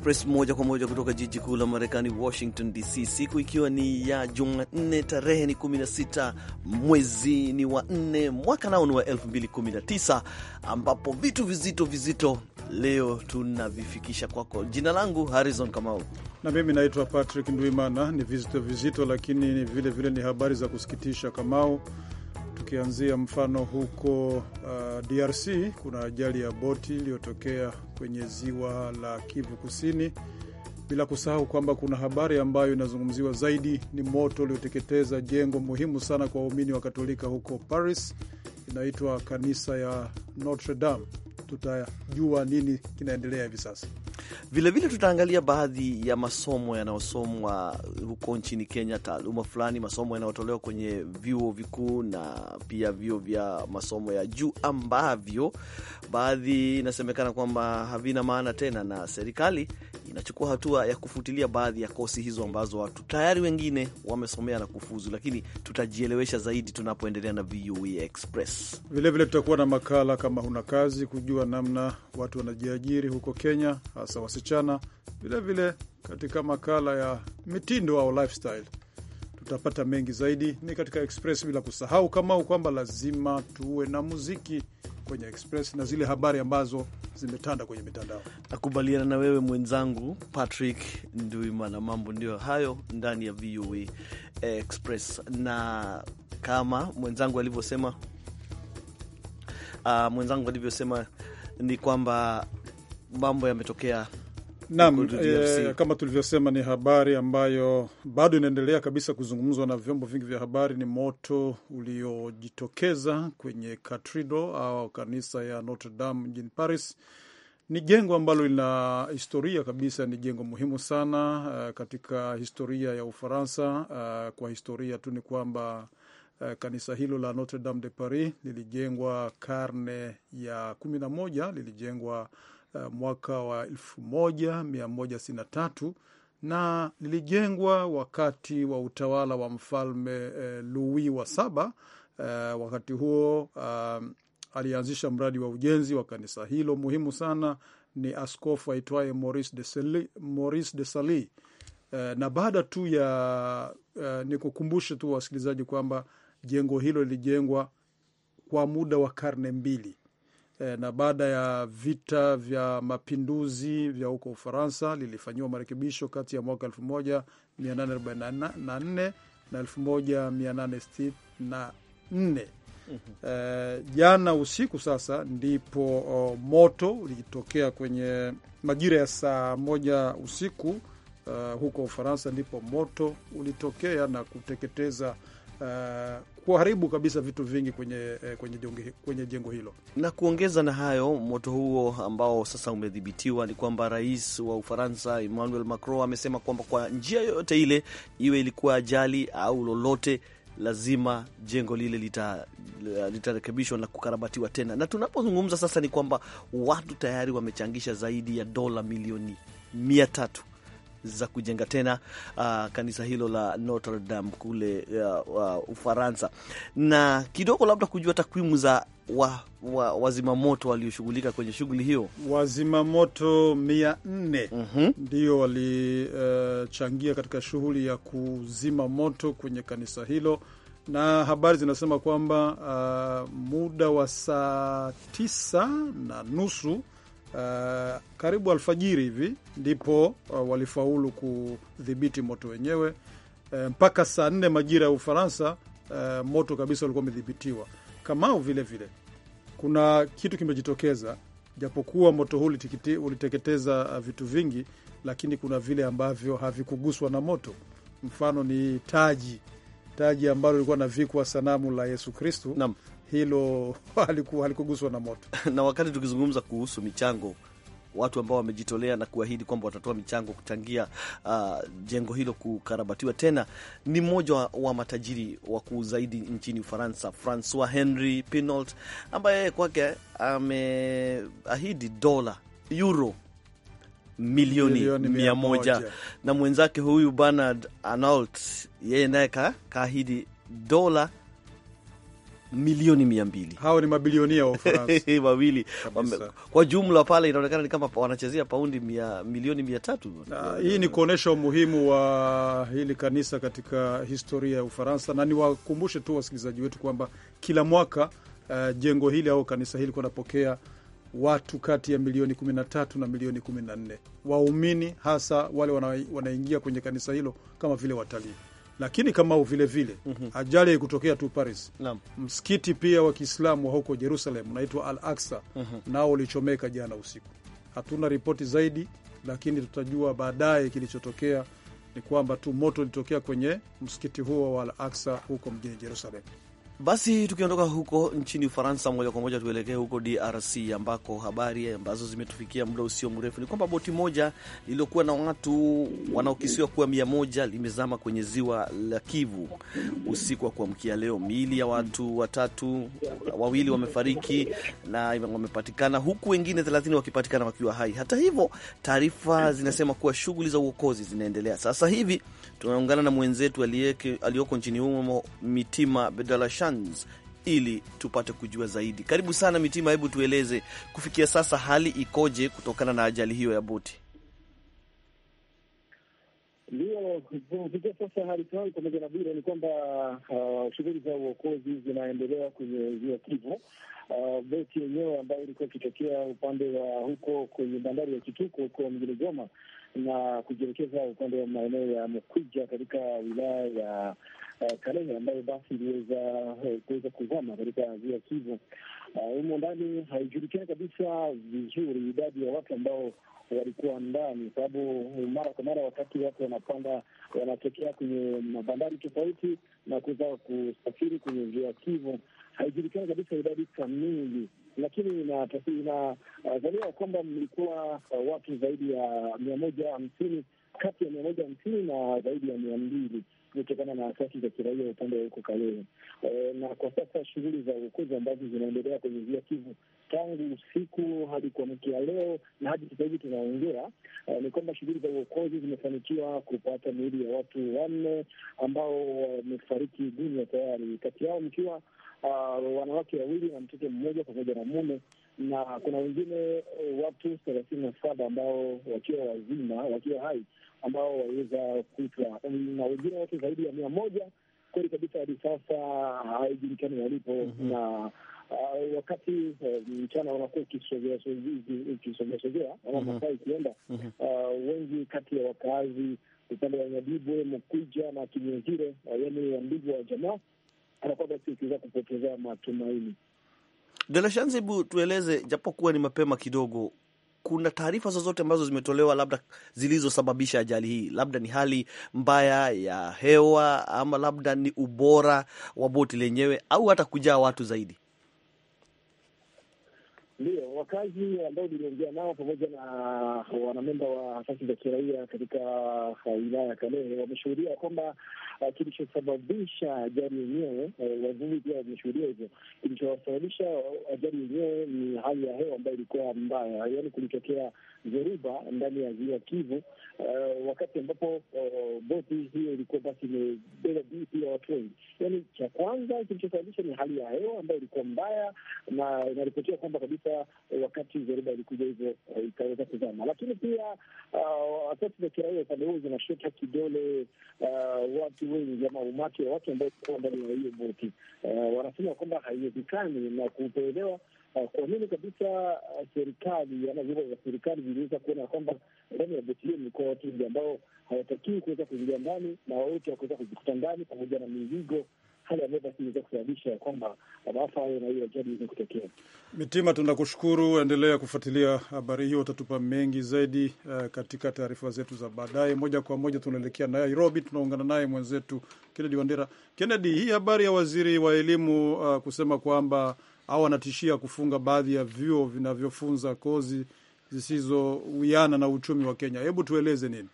Express moja kwa moja kutoka jiji kuu la Marekani, Washington DC, siku ikiwa ni ya Jumanne, tarehe ni 16 mwezi ni wa 4 mwaka nao ni wa 2019, ambapo vitu vizito vizito leo tunavifikisha kwako. Jina langu Harrison Kamau na mimi naitwa Patrick Ndwimana. Ni vizito vizito, lakini vilevile vile ni habari za kusikitisha Kamau tukianzia mfano huko uh, DRC kuna ajali ya boti iliyotokea kwenye ziwa la Kivu Kusini, bila kusahau kwamba kuna habari ambayo inazungumziwa zaidi ni moto ulioteketeza jengo muhimu sana kwa waumini wa Katolika huko Paris, inaitwa kanisa ya Notre Dame. Tutajua nini kinaendelea hivi sasa. Vilevile tutaangalia baadhi ya masomo yanayosomwa huko nchini Kenya, taaluma fulani, masomo yanayotolewa kwenye vyuo vikuu na pia vyuo vya masomo ya juu ambavyo baadhi inasemekana kwamba havina maana tena na serikali inachukua hatua ya kufutilia baadhi ya kosi hizo ambazo watu tayari wengine wamesomea na kufuzu, lakini tutajielewesha zaidi tunapoendelea na VOA e Express. Vilevile tutakuwa na makala kama huna kazi, kujua namna watu wanajiajiri huko Kenya, hasa wasichana. Vilevile katika makala ya mitindo au lifestyle tutapata mengi zaidi, ni katika Express, bila kusahau Kamau kwamba lazima tuwe na muziki kwenye Express na zile habari ambazo zimetanda kwenye mitandao. Nakubaliana na wewe mwenzangu Patrick Nduimana, mambo ndiyo hayo ndani ya VOA Express, na kama mwenzangu alivyosema, uh, mwenzangu alivyosema ni kwamba mambo yametokea Naam, e, kama tulivyosema ni habari ambayo bado inaendelea kabisa kuzungumzwa na vyombo vingi vya habari. Ni moto uliojitokeza kwenye katrido au kanisa ya Notre Dame mjini Paris. Ni jengo ambalo lina historia kabisa, ni jengo muhimu sana uh, katika historia ya Ufaransa. Uh, kwa historia tu ni kwamba uh, kanisa hilo la Notre Dame de Paris lilijengwa karne ya kumi na moja lilijengwa Eh, mwaka wa 1163 na lilijengwa wakati wa utawala wa mfalme eh, Louis wa saba. Eh, wakati huo eh, alianzisha mradi wa ujenzi wa kanisa hilo muhimu sana ni askofu aitwaye Maurice de Sali. Na baada tu ya ni nikukumbushe tu wasikilizaji kwamba jengo hilo lilijengwa kwa muda wa karne mbili e, na baada ya vita vya mapinduzi vya huko Ufaransa lilifanyiwa marekebisho kati ya mwaka 1844 na 1864. E, eh, jana usiku sasa ndipo o, moto ulitokea kwenye majira ya saa moja usiku Uh, huko Ufaransa ndipo moto ulitokea na kuteketeza kuharibu kabisa vitu vingi kwenye, eh, kwenye, jengo, kwenye jengo hilo. Na kuongeza na hayo, moto huo ambao sasa umedhibitiwa, ni kwamba rais wa Ufaransa Emmanuel Macron amesema kwamba kwa njia yoyote ile, iwe ilikuwa ajali au lolote lazima jengo lile eh, litarekebishwa lita na kukarabatiwa tena. Na tunapozungumza sasa ni kwamba watu tayari wamechangisha zaidi ya dola milioni mia tatu za kujenga tena uh, kanisa hilo la Notre Dame kule uh, uh, Ufaransa, na kidogo labda kujua takwimu za wa, wa, wazima moto walioshughulika kwenye shughuli hiyo. Wazima moto mia nne mm -hmm. ndio walichangia uh, katika shughuli ya kuzima moto kwenye kanisa hilo, na habari zinasema kwamba uh, muda wa saa tisa na nusu Uh, karibu alfajiri hivi ndipo uh, walifaulu kudhibiti moto wenyewe uh, mpaka saa nne majira ya Ufaransa uh, moto kabisa ulikuwa umedhibitiwa. kamau vile vile kuna kitu kimejitokeza, japokuwa moto huu uliteketeza vitu vingi, lakini kuna vile ambavyo havikuguswa na moto. Mfano ni taji taji ambalo lilikuwa navikwa sanamu la Yesu Kristu hilo halikuguswa na moto na wakati tukizungumza kuhusu michango watu ambao wamejitolea na kuahidi kwamba watatoa michango kuchangia uh, jengo hilo kukarabatiwa tena, ni mmoja wa matajiri wakuu zaidi nchini Ufaransa, Francois henry Pinault, ambaye kwake ameahidi dola euro milioni mia moja na mwenzake huyu Bernard Arnault, yeye naye kaahidi dola milioni mia mbili. Hao ni mabilionia wa Ufaransa wawili kwa jumla, pale inaonekana ni kama wanachezea paundi mia, milioni mia tatu. Na, hii ni kuonyesha umuhimu wa hili kanisa katika historia ya Ufaransa, na niwakumbushe tu wasikilizaji wetu kwamba kila mwaka uh, jengo hili au kanisa hili kunapokea watu kati ya milioni 13 na milioni 14 waumini, hasa wale wanaingia kwenye kanisa hilo kama vile watalii lakini kama vile vile mm -hmm. ajali ikutokea tu Paris Naam. msikiti pia wa Kiislamu wa huko Jerusalem unaitwa Al Aksa mm -hmm. nao ulichomeka jana usiku. Hatuna ripoti zaidi, lakini tutajua baadaye kilichotokea. Ni kwamba tu moto ulitokea kwenye msikiti huo wa Al Aksa huko mjini Jerusalem. Basi tukiondoka huko nchini Ufaransa, moja kwa moja tuelekee huko DRC ambako habari ambazo zimetufikia muda usio mrefu ni kwamba boti moja lililokuwa na watu wanaokisiwa kuwa mia moja limezama kwenye ziwa la Kivu usiku wa kuamkia leo. Miili ya watu watatu, wawili wamefariki na wamepatikana, huku wengine thelathini wakipatikana wakiwa hai. Hata hivyo, taarifa zinasema kuwa shughuli za uokozi zinaendelea sasa hivi Tunaungana na mwenzetu aliyoko nchini humo Mitima Bedalashans ili tupate kujua zaidi. Karibu sana Mitima, hebu tueleze kufikia sasa hali ikoje kutokana na ajali hiyo ya boti? Ndio, kufikia sasa hali kali pamoja na bure ni kwamba uh, shughuli za uokozi zinaendelea kwenye ziwa Kivu. Uh, boti yenyewe ambayo ilikuwa ikitokea upande wa huko kwenye bandari ya Kituko huko mjini Goma na kujielekeza upande wa maeneo ya Mkwija katika wilaya ya eh, Kalehe ambayo basi iliweza eh, kuweza kuzama katika ziwa Kivu. Eh, humo ndani haijulikani kabisa vizuri idadi ya watu ambao walikuwa ndani, sababu mara kwa mara wakati watu wanapanda wanatokea kwenye mabandari tofauti na kuweza kusafiri kwenye ziwa Kivu, haijulikani kabisa idadi kamili lakini inadhaniwa uh, kwamba mlikuwa uh, watu zaidi ya mia moja hamsini kati ya mia moja hamsini na zaidi ya mia mbili kutokana na asasi za kiraia upande wa huko Kalehe. E, uh, na kwa sasa shughuli za uokozi ambazo zinaendelea kwenye Ziwa Kivu tangu usiku hadi kuamkia leo na hadi sasa hivi tunaongea Eh, ni kwamba shughuli za uokozi zimefanikiwa kupata miili ya watu wanne ambao wamefariki dunia tayari, kati yao mkiwa uh, wanawake wawili na mtoto mmoja pamoja na mume na kuna wengine eh, watu thelathini na saba ambao wakiwa wazima, wakiwa hai, ambao waliweza kuitwa na wengine watu zaidi ya mia moja. Kweli kabisa, hadi sasa haijulikani walipo mhm. na uh, wakati uh, mchana wanakuwa ukisogeasogea ama mhm. masaa ikienda, mhm. uh, wengi kati ya wakaazi upande wa Nyadibwe, Mkuja na Kinyezire, uh, yaani wandugu wa jamaa, anakuwa basi ukiweza kupoteza matumaini. hebu tueleze, japokuwa ni mapema kidogo kuna taarifa zozote ambazo zimetolewa labda zilizosababisha ajali hii? Labda ni hali mbaya ya hewa, ama labda ni ubora wa boti lenyewe, au hata kujaa watu zaidi? Ndio, wakazi ambao niliongea nao pamoja na wanamemba wa asasi za kiraia katika wilaya ya Kalehe wameshuhudia kwamba uh, kilichosababisha ajali yenyewe, uh, wavuvi pia wameshuhudia hivyo, kilichosababisha ajali yenyewe ni hali ya hewa ambayo ilikuwa mbaya, yaani kulitokea dhoruba ndani ya ziwa Kivu uh, wakati ambapo boti hiyo ilikuwa basi imebeba pia watu wengi. Yaani cha kwanza kilichosababisha ni hali ya hewa ambayo ilikuwa mbaya, na inaripotiwa kwamba kabisa hasa eh, wakati dhoruba ilikuja hivyo eh, ikaweza kuzama. Lakini pia ah, asasi za kiraia upande huo zinashota kidole ah, watu wengi ama umati wa watu ambao kuwa ndani ya hiyo boti, eh, wanasema kwamba haiwezekani na kutoelewa ah, kwa nini kabisa serikali ama vyombo vya serikali viliweza kuona kwamba ndani ya boti hiyo ilikuwa watu wengi ambao hawatakiwi kuweza kuingia ndani na wawote wakuweza kujikuta ndani pamoja na mizigo hali ambayo basi inaweza kusababisha ya kwamba maafa hayo na hiyo ajali iweze kutokea. Mitima, tunakushukuru, endelea kufuatilia habari hiyo, utatupa mengi zaidi uh, katika taarifa zetu za baadaye. Moja kwa moja tunaelekea Nairobi, tunaungana naye mwenzetu Kennedy Wandera. Kennedy, hii habari ya waziri wa elimu uh, kusema kwamba au anatishia kufunga baadhi ya vyuo vinavyofunza kozi zisizowiana na uchumi wa Kenya, hebu tueleze nini?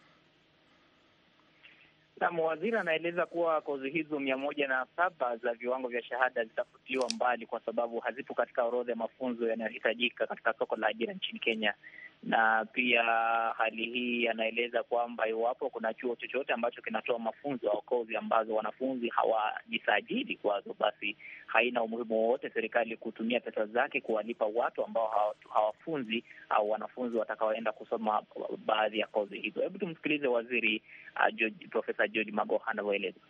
Nam waziri anaeleza kuwa kozi hizo mia moja na saba za viwango vya shahada zitafutiliwa mbali kwa sababu hazipo katika orodha ya mafunzo yanayohitajika katika soko la ajira nchini Kenya na pia hali hii yanaeleza kwamba iwapo kuna chuo chochote ambacho kinatoa mafunzo au kozi ambazo wanafunzi hawajisajili kwazo, basi haina umuhimu wowote serikali kutumia pesa zake kuwalipa watu ambao hawafunzi au wanafunzi watakaoenda kusoma baadhi ya kozi hizo. Hebu tumsikilize Waziri uh, George, Profesa George Magoha anavyoeleza.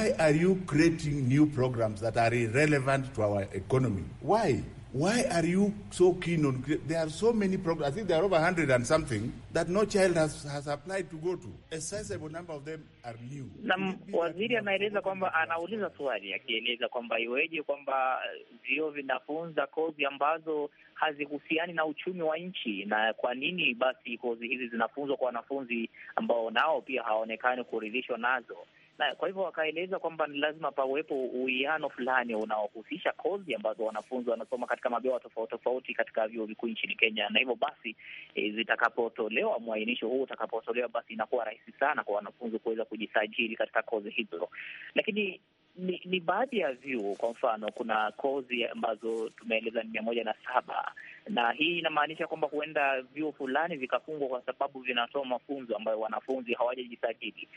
Why are you creating new programs that are irrelevant to our economy? Why? Why are you so keen on there are so many programs I think there are over 100 and something that no child has, has applied to go to a sizable number of them are new na waziri anaeleza kwamba anauliza swali akieleza kwamba iweje kwamba vio vinafunza kozi ambazo hazihusiani na uchumi wa nchi na kwa nini basi kozi hizi zinafunzwa kwa wanafunzi ambao nao pia hawaonekani kuridhishwa nazo na kwa hivyo wakaeleza kwamba ni lazima pawepo uwiano fulani unaohusisha kozi ambazo wanafunzi wanasoma katika mabewa tofauti tofauti katika vyuo vikuu nchini Kenya, na hivyo basi e, zitakapotolewa mwainisho huu utakapotolewa, basi inakuwa rahisi sana kwa wanafunzi kuweza kujisajili katika kozi hizo, lakini ni, ni baadhi ya vyuo. Kwa mfano, kuna kozi ambazo tumeeleza ni mia moja na saba na hii inamaanisha kwamba huenda vyuo fulani vikafungwa kwa sababu vinatoa mafunzo ambayo wanafunzi hawajajisajili.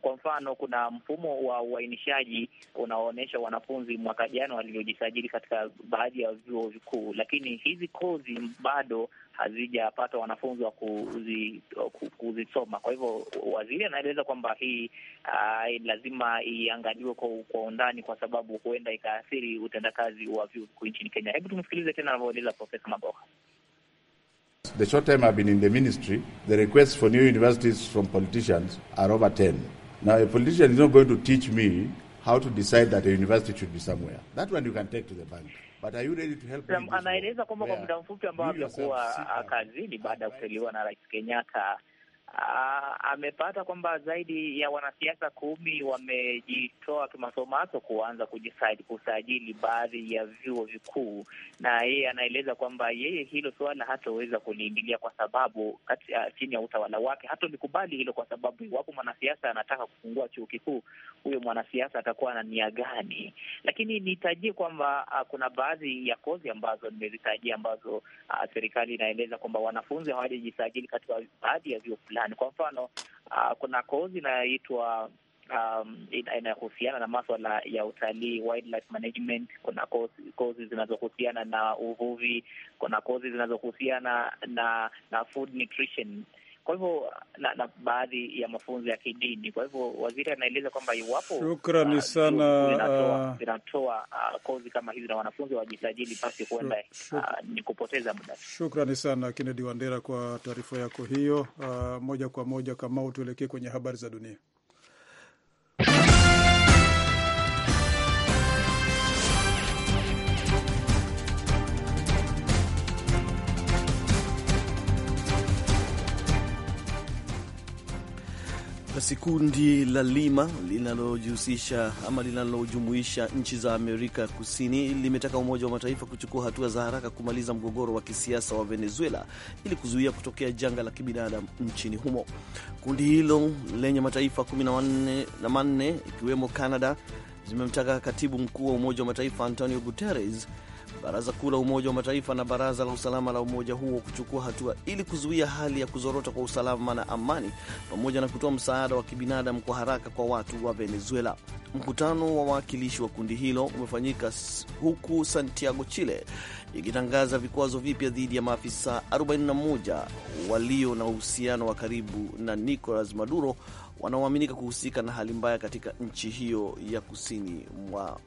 Kwa mfano, kuna mfumo wa uainishaji unaoonyesha wanafunzi mwaka jana walivyojisajili katika baadhi ya vyuo vikuu, lakini hizi kozi bado hazijapata wanafunzi wa kuzisoma. Kwa hivyo waziri anaeleza kwamba hii uh, lazima iangaliwe kwa, kwa undani kwa sababu huenda ikaathiri utendakazi wa vyuo vikuu nchini Kenya. Hebu tumsikilize tena anavyoeleza Profesa Maboha. The short time I've been in the ministry, the for new universities from politicians are over 10. Now, a politician is not going to teach me how to decide that a university should be somewhere. That one you can take to the bank. But are you ready to help Anaeleza kwamba kwa muda mfupi ambao amekuwa ah, kazini baada ya kuteuliwa na Rais Kenyatta Uh, amepata kwamba zaidi ya wanasiasa kumi wamejitoa kimasomaso kuanza kusajili baadhi ya vyuo vikuu, na yeye anaeleza kwamba yeye hilo suala hataweza kuliingilia kwa sababu kati, uh, chini ya utawala wake hatolikubali hilo, kwa sababu iwapo mwanasiasa anataka kufungua chuo kikuu, huyo mwanasiasa atakuwa na nia gani? Lakini nitajie kwamba uh, kuna baadhi ya kozi ambazo nimezitajia ambazo uh, serikali inaeleza kwamba wanafunzi hawajajisajili katika baadhi ya vyuo fulani mashinani. Kwa mfano, uh, kuna kozi inayoitwa Um, inayohusiana na maswala ya utalii, wildlife management. Kuna kozi zinazohusiana na uvuvi, kuna kozi zinazohusiana na na food nutrition kwa hivyo na, na baadhi ya mafunzo ya kidini. Kwa hivyo waziri anaeleza kwamba iwapo shukrani uh, sana uh, zinatoa uh, kozi kama hizi na wanafunzi wajisajili, basi huenda uh, ni kupoteza muda. Shukrani sana Kennedy Wandera kwa taarifa yako hiyo. Uh, moja kwa moja, kama tuelekee kwenye habari za dunia. Basi kundi la Lima linalojihusisha ama linalojumuisha nchi za Amerika Kusini limetaka Umoja wa Mataifa kuchukua hatua za haraka kumaliza mgogoro wa kisiasa wa Venezuela ili kuzuia kutokea janga la kibinadamu nchini humo. Kundi hilo lenye mataifa kumi na manne ikiwemo Canada zimemtaka katibu mkuu wa Umoja wa Mataifa Antonio Guterres Baraza Kuu la Umoja wa Mataifa na Baraza la Usalama la umoja huo kuchukua hatua ili kuzuia hali ya kuzorota kwa usalama na amani pamoja na kutoa msaada wa kibinadamu kwa haraka kwa watu wa Venezuela. Mkutano wa wawakilishi wa kundi hilo umefanyika huku Santiago, Chile ikitangaza vikwazo vipya dhidi ya maafisa 41 walio na uhusiano wa karibu na Nicolas Maduro wanaoaminika kuhusika na hali mbaya katika nchi hiyo ya kusini mwa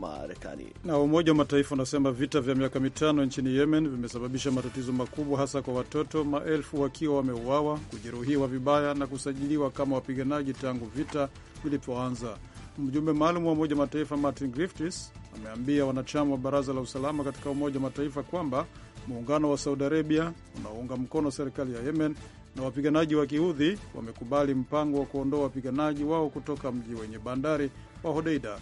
Marekani. Na Umoja wa Mataifa unasema vita vya miaka mitano nchini Yemen vimesababisha matatizo makubwa, hasa kwa watoto, maelfu wakiwa wameuawa, kujeruhiwa vibaya na kusajiliwa kama wapiganaji tangu vita vilipoanza. Mjumbe maalum wa Umoja wa Mataifa Martin Griffiths ameambia wanachama wa baraza la usalama katika Umoja wa Mataifa kwamba muungano wa Saudi Arabia unaounga mkono serikali ya Yemen na wapiganaji wa Kiudhi wamekubali mpango wa kuondoa wapiganaji wao kutoka mji wenye bandari wa Hodeida.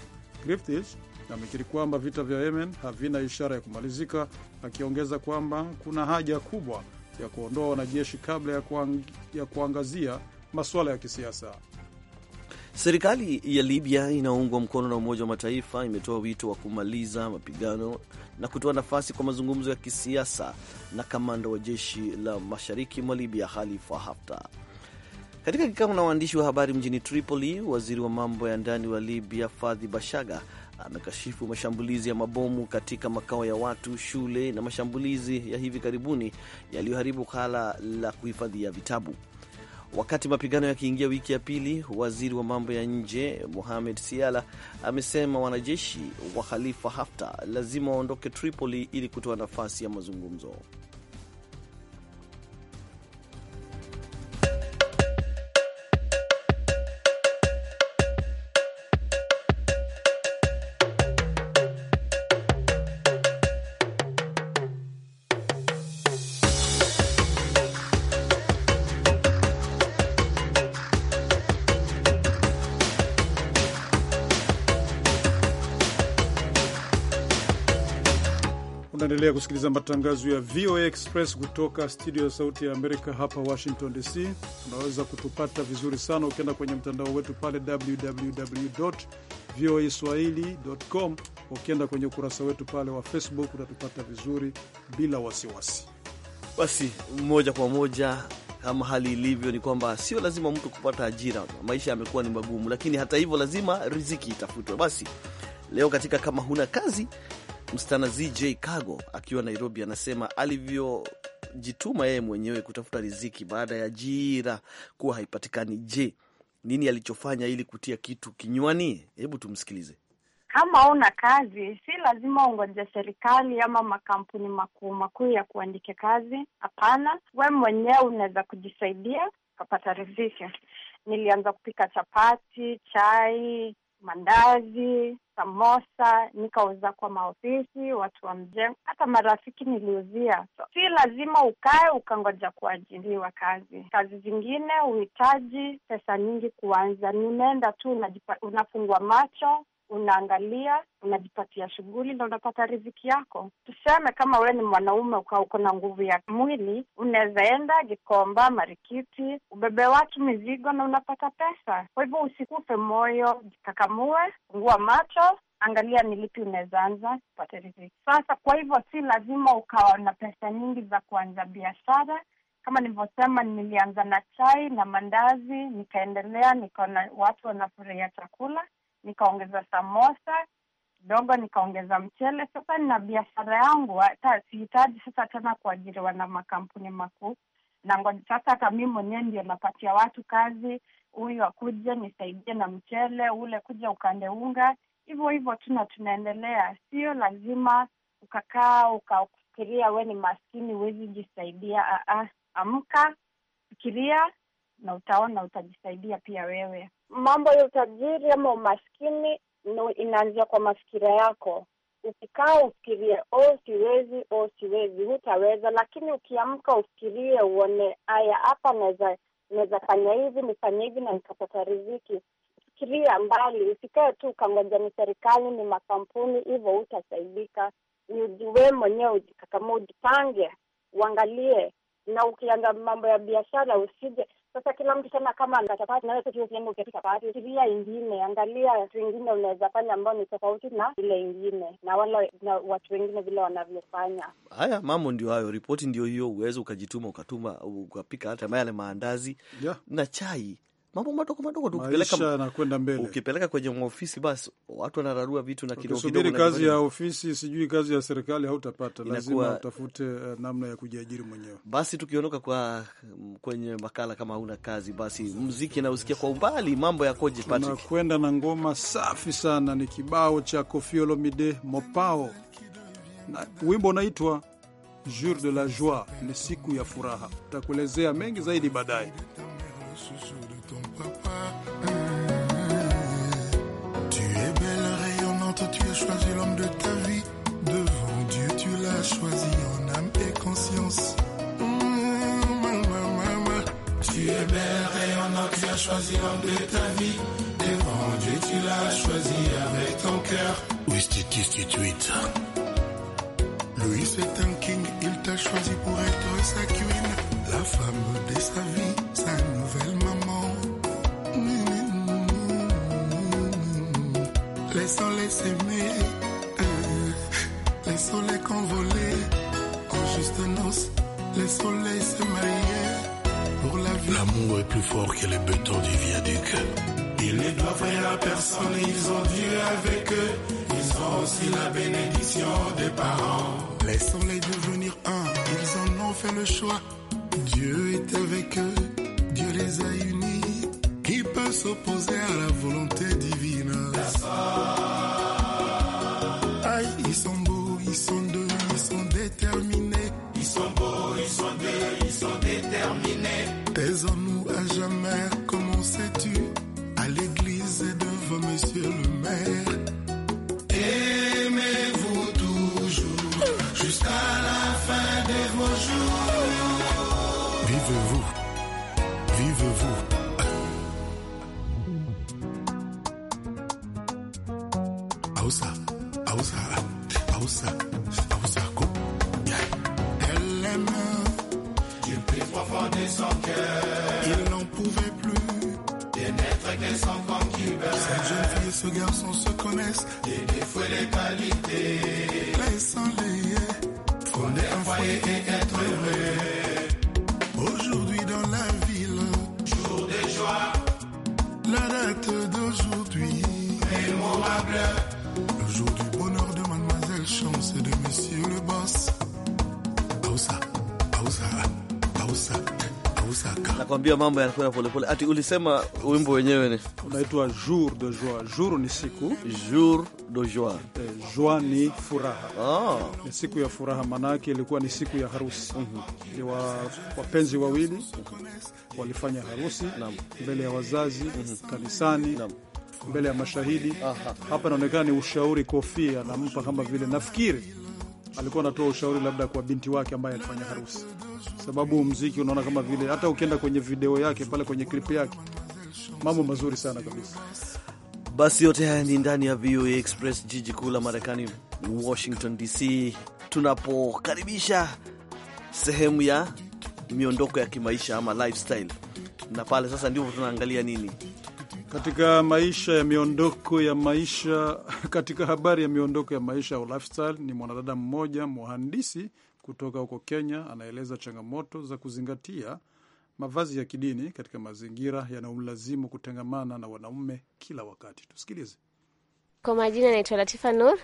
Griffiths amekiri kwamba vita vya Yemen havina ishara ya kumalizika, akiongeza kwamba kuna haja kubwa ya kuondoa wanajeshi kabla ya, kuang, ya kuangazia masuala ya kisiasa. Serikali ya Libya inaungwa mkono na Umoja wa Mataifa imetoa wito wa kumaliza mapigano na kutoa nafasi kwa mazungumzo ya kisiasa na kamanda wa jeshi la mashariki mwa Libya Khalifa Haftar. Katika kikao na waandishi wa habari mjini Tripoli, waziri wa mambo ya ndani wa Libya Fadhi Bashaga amekashifu mashambulizi ya mabomu katika makao ya watu, shule na mashambulizi ya hivi karibuni yaliyoharibu ghala la kuhifadhia vitabu. Wakati mapigano yakiingia wiki ya pili, waziri wa mambo ya nje Mohamed Siala amesema wanajeshi wa Khalifa Haftar lazima waondoke Tripoli ili kutoa nafasi ya mazungumzo. Unaendelea kusikiliza matangazo ya VOA Express kutoka studio ya Sauti ya Amerika hapa Washington DC. Unaweza kutupata vizuri sana ukienda kwenye mtandao wetu pale www voa swahili.com. Ukienda kwenye ukurasa wetu pale wa Facebook utatupata vizuri bila wasiwasi. Basi moja kwa moja kama hali ilivyo ni kwamba sio lazima mtu kupata ajira, maisha yamekuwa ni magumu, lakini hata hivyo lazima riziki itafutwe. Basi leo katika kama huna kazi msichana ZJ Kago akiwa Nairobi anasema alivyojituma yeye mwenyewe kutafuta riziki baada ya ajira kuwa haipatikani. Je, nini alichofanya ili kutia kitu kinywani? Hebu tumsikilize. Kama una kazi, si lazima ungoje serikali ama makampuni makuu makuu ya kuandika kazi. Hapana, we mwenyewe unaweza kujisaidia ukapata riziki. Nilianza kupika chapati, chai mandazi, samosa, nikauza kwa maofisi, watu wa mjengo, hata marafiki niliuzia. So, si lazima ukae ukangoja kuajiriwa kazi. Kazi zingine huhitaji pesa nyingi kuanza, ni unaenda tu unajipa, unafungwa macho unaangalia, unajipatia shughuli na unapata riziki yako. Tuseme kama wewe ni mwanaume ukawa uko na nguvu ya mwili, unaweza enda Gikomba, Marikiti, ubebe watu mizigo na unapata pesa. Kwa hivyo usikufe moyo, jikakamue, fungua macho, angalia ni lipi unaweza anza riziki. Sasa kwa hivyo si lazima ukawa na pesa nyingi za kuanza biashara. Kama nilivyosema, nilianza na chai na mandazi, nikaendelea, nikaona watu wanafurahia chakula nikaongeza samosa kidogo, nikaongeza mchele. Sasa nina biashara yangu, hata sihitaji sasa tena kuajiriwa na makampuni makuu na ngoja sasa, hata mi mwenyewe ndio napatia watu kazi, huyu akuje nisaidie na mchele ule, kuja ukande unga, hivyo hivyo tuna tunaendelea. Sio lazima ukakaa ukafikiria we ni maskini huwezi jisaidia. Ah, ah, amka, fikiria na utaona utajisaidia pia wewe mambo ya utajiri ama umaskini no, inaanzia kwa mafikira yako. Ukikaa ufikirie oh, siwezi oh, siwezi, hutaweza. Lakini ukiamka ufikirie, uone aya hapa naweza fanya hivi, nifanye hivi na nikapata riziki. Fikiria mbali, usikae tu ukangoja ni serikali, ni makampuni, hivyo hutasaidika. Ni ujiwe mwenyewe, ujikakama, ujipange, uangalie. Na ukianga mambo ya biashara, usije sasa kila mtu tena, kama ukipika pati, fikiria ingine, angalia watu wengine unaweza fanya ambao ni tofauti na ile ingine, na wala na watu wengine vile wanavyofanya. Haya mambo ndio hayo, ripoti ndio hiyo, uweze ukajituma ukatuma ukapika hata yale maandazi yeah, na chai mambo madogo madogo tu, ukipeleka mbele, ukipeleka kwenye ofisi basi watu wanararua vitu na kidogo kidogo, kazi ya ofisi sijui kazi ya serikali hautapata, lazima utafute eh, namna ya kujiajiri mwenyewe. Basi tukiondoka kwa kwenye makala kama hauna kazi, basi muziki nausikia kwa umbali, mambo yakoje Patrick? Tunakwenda na ngoma safi sana, ni kibao cha Koffi Olomide Mopao na wimbo unaitwa Jour de la Joie, ni siku ya furaha. Tutakuelezea mengi zaidi baadaye. Euh, tu es belle, rayonnante, tu as choisi l'homme de ta vie. Devant Dieu, tu l'as choisi en âme et conscience. Hum, tu es belle, rayonnante, tu as choisi l'homme de ta vie. Devant Dieu, tu l'as choisi avec ton cœur. Lui, c'est un king, il t'a choisi pour être sa queen, la femme de sa vie, sa nouvelle maman. les s'aimer, laissons-les convoler. En juste laissons-les se marier pour la vie. L'amour est plus fort que les bétons du viaduc. Ils ne doivent rien à personne, ils ont Dieu avec eux. Ils ont aussi la bénédiction des parents. Laissons-les devenir un, ils en ont fait le choix. Dieu est avec eux, Dieu les a unis. Qui peut s'opposer à la volonté divine ils sont beaux, ils sont deux, ils sont déterminés. Ils sont beaux, ils sont deux, ils sont déterminés. Taisons-nous à jamais, comment sais-tu À l'église et devant monsieur le maire. yeah, yeah. Nakwambia mambo yanakwenda polepole. Ati ulisema wimbo wenyewe ni unaitwa jour de joie. Jour ni siku, jour de joie eh, joie ni furaha. Oh. ni siku ya furaha, maanake ilikuwa ni siku ya harusi. mm -hmm. Ni wa, wapenzi wawili mhm. walifanya harusi Naam. mbele ya wazazi mm -hmm. kanisani Naam mbele ya mashahidi. Aha. Hapa inaonekana ni ushauri Kofi anampa kama vile nafikiri alikuwa anatoa ushauri labda kwa binti wake ambaye alifanya harusi, sababu mziki unaona kama vile hata ukienda kwenye video yake pale kwenye clip yake mambo mazuri sana kabisa. Basi yote haya ni ndani ya VOA Express, jiji kuu la Marekani, Washington DC, tunapokaribisha sehemu ya miondoko ya kimaisha ama lifestyle, na pale sasa ndivyo tunaangalia nini katika maisha ya miondoko ya maisha. Katika habari ya miondoko ya maisha au lifestyle, ni mwanadada mmoja mhandisi kutoka huko Kenya anaeleza changamoto za kuzingatia mavazi ya kidini katika mazingira yanayomlazimu kutengamana na wanaume kila wakati. Tusikilize. Kwa majina naitwa Latifa Nur.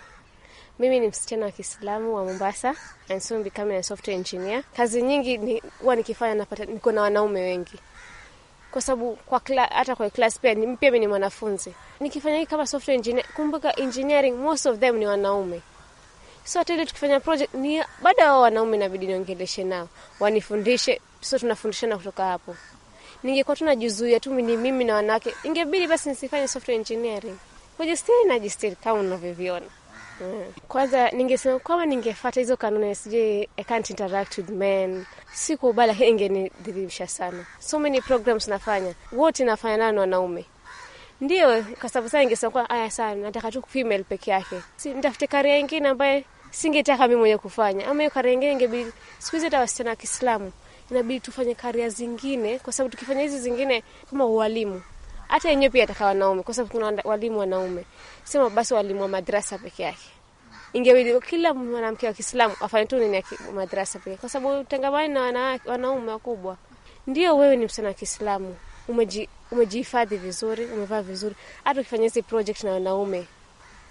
Mimi ni msichana wa Kiislamu wa Mombasa and soon becoming a software engineer. Kazi nyingi ni huwa nikifanya napata niko na wanaume wengi kwa sababu kwa kla, hata kwa class pia ni pia ni mwanafunzi nikifanya hii kama software engineer. Kumbuka engineering most of them ni wanaume, so hata ile tukifanya project ni baada ya wanaume inabidi niongeleshe nao wanifundishe, so tunafundishana kutoka hapo. Ningekuwa tunajizuia tu ni mimi na wanawake, ingebidi basi nisifanye software engineering. Kujistiri na jistiri kama unavyoviona. Kwanza ningesema kwamba ningefata hizo kanuni, sijui I can't interact with men, si kwa ubala, hii ingenidhihirisha sana. So many programs nafanya wote nafanya nao wanaume ndio, kwa sababu sasa ningesema kwa aya sana, nataka tu female peke yake, si nitafute karia ingine ambaye singetaka mimi mwenye kufanya, ama hiyo karia ingine ingebidi. Siku hizi hata wasichana wa Kiislamu inabidi tufanye karia zingine, kwa sababu tukifanya hizi zingine kama ualimu hata yenyewe pia atakaa wanaume, kwa sababu kuna walimu wanaume, sema basi walimu wa madrasa peke yake. Ingebidi kila mwanamke wa Kiislamu afanye tu nini madrasa peke, kwa sababu utangamani na wanawake wanaume wakubwa. Ndio wewe ni msichana wa Kiislamu, umeji umejihifadhi vizuri, umevaa vizuri, hata ukifanya hizi project na wanaume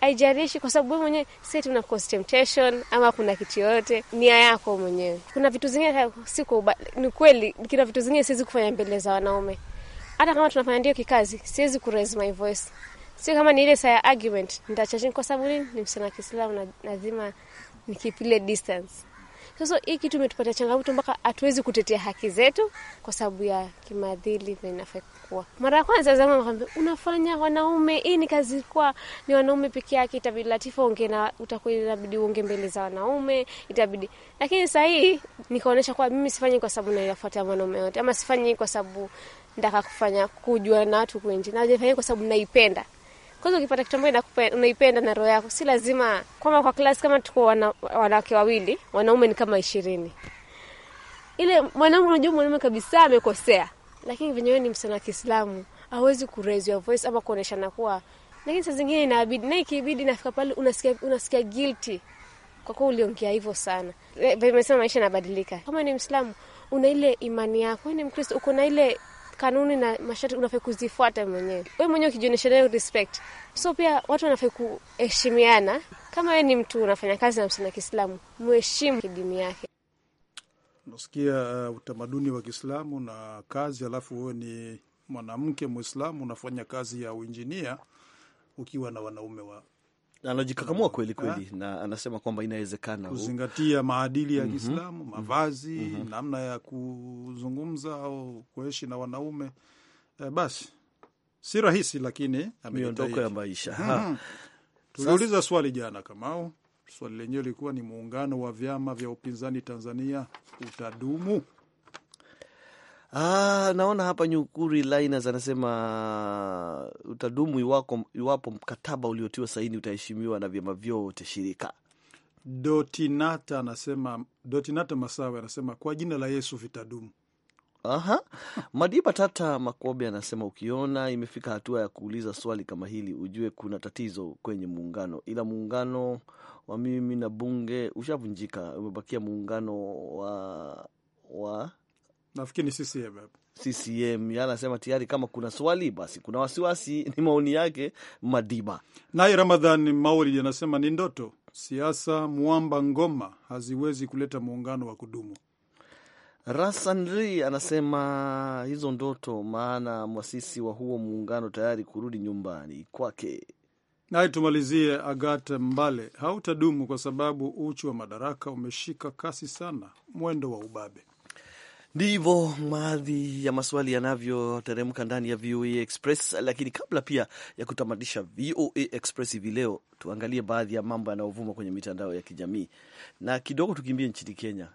aijarishi, kwa sababu wewe mwenyewe si tuna cause temptation ama kuna kitu yoyote, nia yako mwenyewe. Kuna vitu zingine si kwa ni kweli, kuna vitu zingine siwezi kufanya mbele za wanaume hata kama tunafanya ndio kikazi, siwezi ku raise my voice, sio kama ni ile saa ya argument nitachachin, kwa sababu nini? Ni msichana wa Kiislamu na lazima nikipe ile distance. Sasa hii kitu imetupata changamoto mpaka hatuwezi kutetea haki zetu kwa sababu ya kimaadili na inafaa kuwa. Mara ya kwanza zama wakambe unafanya wanaume, hii ni kazi kwa ni wanaume peke yake, itabidi Latifa unge na utakuwa inabidi unge mbele za wanaume, itabidi. Lakini sasa hii nikaonesha kwa mimi sifanyi kwa sababu naifuata wanaume wote ama sifanyi kwa sababu ndaka kufanya kujua na watu kuinji najifanya kwa sababu naipenda. Kwanza ukipata kitu ambacho unaipenda na roho yako, si lazima kwamba kwa klasi kama tuko wanawake wawili, wanaume ni kama ishirini ile mwanaume, unajua mwanaume kabisa amekosea, lakini venyewe ni msana wa Kiislamu hawezi kurezi ya voice ama kuoneshana kuwa, lakini saa zingine inabidi na ikibidi, nafika pale unasikia, unasikia guilty kwa kuwa uliongea hivyo sana. Vimesema maisha yanabadilika. Kama ni Mislamu una ile imani yako, ni Mkristo uko na ile kanuni na masharti unafaa kuzifuata mwenyewe, Wewe mwenyewe ukijionyesha nayo respect. So pia watu wanafaa kuheshimiana. Kama wewe ni mtu unafanya kazi na msana Kiislamu, mheshimu kidini yake. Unasikia uh, utamaduni wa Kiislamu na kazi, alafu wewe ni mwanamke Mwislamu unafanya kazi ya uinjinia ukiwa na wanaume wa anajikakamua kweli kweli ha? na anasema kwamba inawezekana kuzingatia maadili ya mhm. Kiislamu mm -hmm. mavazi mm -hmm. namna ya kuzungumza au kuishi na wanaume e, basi si rahisi, lakini miondoko ya maisha mm -hmm. Tuliuliza swali jana, Kamau, swali lenyewe lilikuwa ni muungano wa vyama vya upinzani Tanzania utadumu Ah, naona hapa Nyukuri Linus anasema utadumu iwako, iwapo mkataba uliotiwa saini utaheshimiwa na vyama vyote shirika. Dotinata anasema, Dotinata Masawe anasema kwa jina la Yesu vitadumu. Aha. Madiba Tata Makobe anasema ukiona imefika hatua ya kuuliza swali kama hili ujue kuna tatizo kwenye muungano, ila muungano wa mimi na bunge ushavunjika, umebakia muungano wa wa Nafikiri ni CCM hapo. CCM anasema tayari kama kuna swali basi kuna wasiwasi, ni maoni yake Madiba. Naye Ramadhan Maulid anasema ni ndoto, siasa mwamba ngoma haziwezi kuleta muungano wa kudumu. Rasanri anasema hizo ndoto, maana mwasisi wa huo muungano tayari kurudi nyumbani kwake. Naye tumalizie Agate Mbale, hautadumu kwa sababu uchu wa madaraka umeshika kasi sana, mwendo wa ubabe. Ndivyo baadhi ya maswali yanavyoteremka ndani ya VOA Express. Lakini kabla pia ya kutamatisha VOA Express hivi leo, tuangalie baadhi ya mambo yanayovuma kwenye mitandao ya kijamii na kidogo tukimbie nchini Kenya.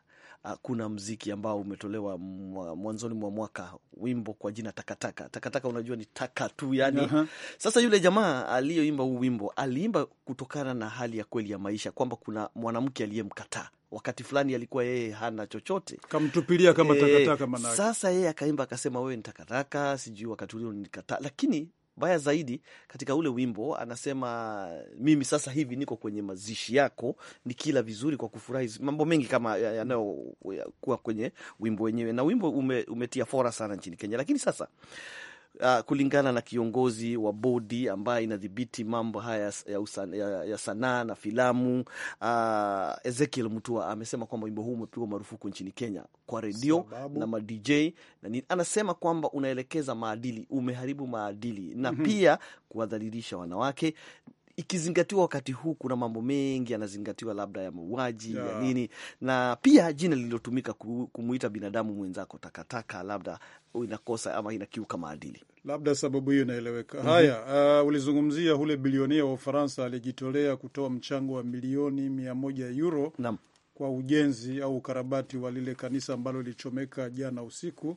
Ah, kuna mziki ambao umetolewa mwanzoni mwa mwaka, wimbo kwa jina takataka takataka taka, unajua ni taka tu yani. uh -huh. Sasa yule jamaa aliyoimba huu wimbo aliimba kutokana na hali ya kweli ya maisha, kwamba kuna mwanamke aliyemkataa wakati fulani alikuwa yeye hana chochote, kamtupilia kama eh, takataka manake. sasa yeye akaimba akasema, wewe ni takataka, sijui wakati ule ulinikataa. Lakini baya zaidi katika ule wimbo anasema, mimi sasa hivi niko kwenye mazishi yako, nikila vizuri kwa kufurahi, mambo mengi kama yanayokuwa kwenye wimbo wenyewe, na wimbo ume, umetia fora sana nchini Kenya, lakini sasa uh, kulingana na kiongozi wa bodi ambaye inadhibiti mambo haya ya, ya, ya sanaa na filamu uh, Ezekiel Mutua amesema kwamba wimbo huu umepigwa marufuku nchini Kenya kwa redio na ma DJ na ni, anasema kwamba unaelekeza maadili, umeharibu maadili na mm -hmm. pia kuwadhalilisha wanawake ikizingatiwa wakati huu kuna mambo mengi yanazingatiwa, labda ya mauaji yeah, ya nini, na pia jina lililotumika kumuita binadamu mwenzako takataka, labda inakosa ama inakiuka maadili, labda sababu hiyo inaeleweka. mm -hmm. Haya, uh, ulizungumzia ule bilionea wa Ufaransa aliyejitolea kutoa mchango wa milioni mia moja euro Nam. kwa ujenzi au ukarabati wa lile kanisa ambalo lilichomeka jana usiku.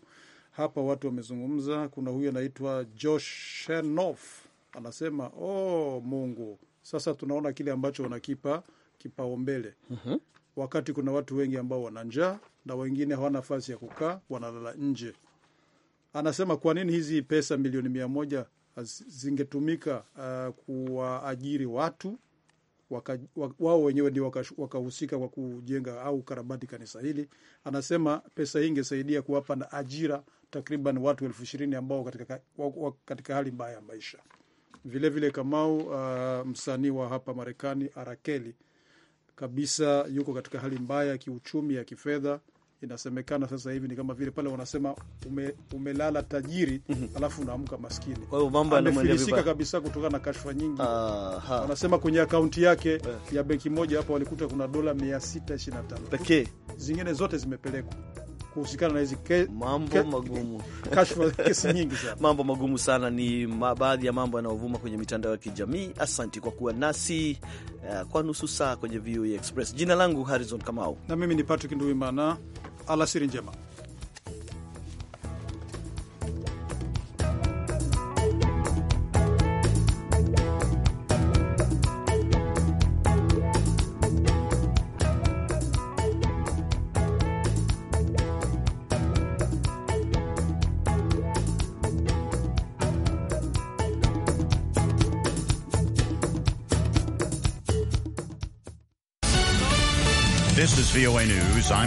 Hapa watu wamezungumza, kuna huyu anaitwa Josh Chernoff anasema oh, Mungu, sasa tunaona kile ambacho wanakipa kipaumbele mm -hmm. wakati kuna watu wengi ambao wana njaa na wengine hawana nafasi ya kukaa, wanalala nje. Anasema kwa nini hizi pesa milioni mia moja zingetumika uh, kuwaajiri watu waka, wao wenyewe ndio wakahusika waka kwa kujenga au karabati kanisa hili. Anasema pesa hii ingesaidia kuwapa na ajira takriban watu elfu ishirini ambao katika, katika hali mbaya ya maisha. Vilevile vile Kamau, uh, msanii wa hapa Marekani Arakeli kabisa yuko katika hali mbaya ya kiuchumi, ya kifedha. Inasemekana sasa hivi ni kama vile pale wanasema ume, umelala tajiri mm -hmm. alafu unaamka maskini. Amefilisika kabisa kutokana na kashfa nyingi. Aha. Wanasema kwenye akaunti yake yeah. ya benki moja hapa walikuta kuna dola 625 pekee, zingine zote zimepelekwa kuhusikana na hizi mambo magumu kashfa, kesi nyingi sana mambo magumu sana ni baadhi ya mambo yanayovuma kwenye mitandao ya kijamii. Asanti kwa kuwa nasi eh, kwa nusu saa kwenye VOA e Express. Jina langu Harrison Kamau na mimi ni Patrick Nduimana. Alasiri njema. News, I'm